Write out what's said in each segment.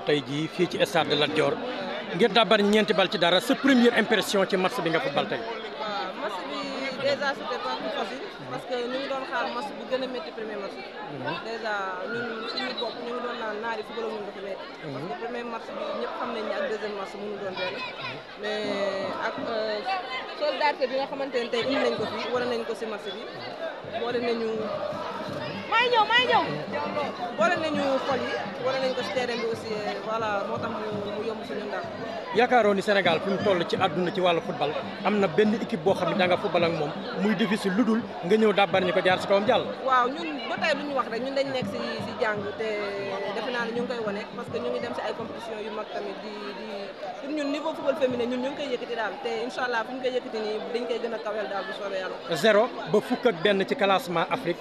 tey jii fii ci stade de Lat Dior ngir dabar ñeenti bal ci dara sa première impression ci match bi nga football tey. waaw bi déjà que ñu ngi doon xaar match bu a métti premier mhm. ñun ñu doon naan naari football ñu dafa métti. Mhm. parce que bi ñëpp xam nañ ne ak deuxième match mënu doon benn mhm. mais ak euh, solidarité bi nga xamante ne tey indi nañ ko fi wane nañ ko si match bi boole nañu. may ñëw may ñëw. boole nañu xol yi boole nañu ko si terrain bi aussi voilà moo tax mu yomb suñu ndam. yaakaaroon ni Sénégal fi ñu toll ci adduna ci wàllu football am na benn équipe boo xam ne da nga football moom muy difficile lu dul nga ñëw dàbbar ñu ko jaar si kawam jàll. waaw ñun ba tey lu ñu wax rek ñun dañ nekk jàng te defe naa ne ñu ngi koy wane que ñu dem si ay compétition yu mag tamit di di pour ñun niveau football féminin ñun ñu ngi koy daal te incha fu ñu koy yëkkati nii dañ koy gën a kaweel daal bu soobee yàlla. zéro benn ci classement Afrique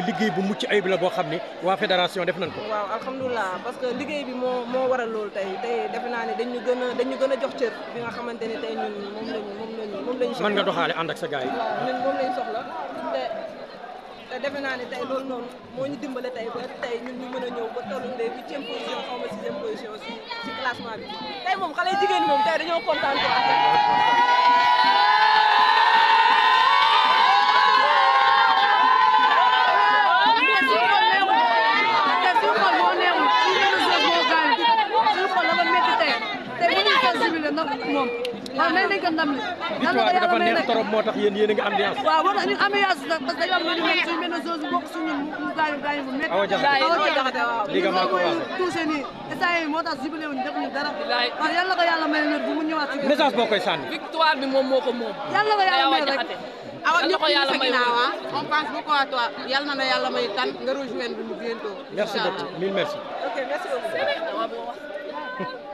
ne liggéey bu mucc ayib la boo xam ne waa fédération def nañ ko. waaw alhamdulilah parce que liggéey bi moo moo waral loolu tey tey defe naa ni dañu gën a dañu gën a jox cër bi nga xamante ne tey ñun moom lañu moom lañu nga doxaale ànd ak sa gars yi. waaw te te defe naa ni tey loolu noonu moo ñu dimbale tey ba tey ñun ñu mën a ñëw ba tolluñu léegi huitième position xaw ma sixième position si si classement bi tey moom xale jigéen moom tey dañoo kontaan fexe nangu ko moom waaw may nañ ko ndam li victoire bi dafa neex trop moo tax yéen yéen a ngi ambiance waaw moo tax ñun ambiance nag parce que dañu am lu ñu mel suñu benn chose bokk suñu mu gaañu gaañu bu métti awa jaxate waaw li nga maa ko wax touché nii instant yi moo tax jubilé wuñ def ñu dara waaw yàlla ko yàlla may wér bu mu ñëwaat si message boo koy sànni moom moom yàlla ko yàlla may rek